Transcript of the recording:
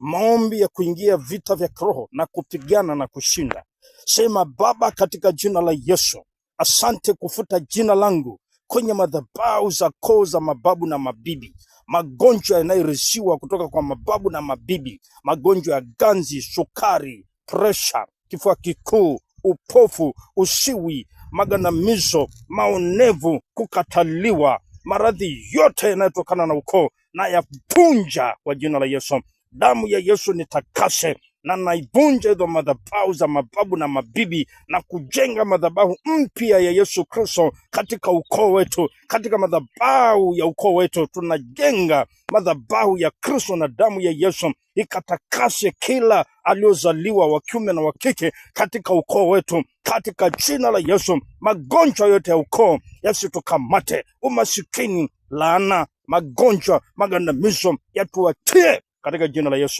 maombi ya kuingia vita vya kiroho na kupigana na kushinda. Sema, Baba, katika jina la Yesu, asante kufuta jina langu kwenye madhabahu za koo za mababu na mabibi, magonjwa yanayorishiwa kutoka kwa mababu na mabibi, magonjwa ya ganzi, sukari, presha, kifua kikuu, upofu, usiwi, maganamizo, maonevu, kukataliwa, maradhi yote yanayotokana na ukoo na yapunja kwa jina la Yesu. Damu ya Yesu nitakase na naivunja hizo madhabahu za mababu na mabibi na kujenga madhabahu mpya ya Yesu Kristo katika ukoo wetu. Katika madhabahu ya ukoo wetu tunajenga madhabahu ya Kristo na damu ya Yesu ikatakase kila aliozaliwa wa kiume na wa kike katika ukoo wetu, katika jina la Yesu. Magonjwa yote ya ukoo yasitukamate, umasikini, laana, magonjwa, magandamizo yatuatie katika jina la Yesu.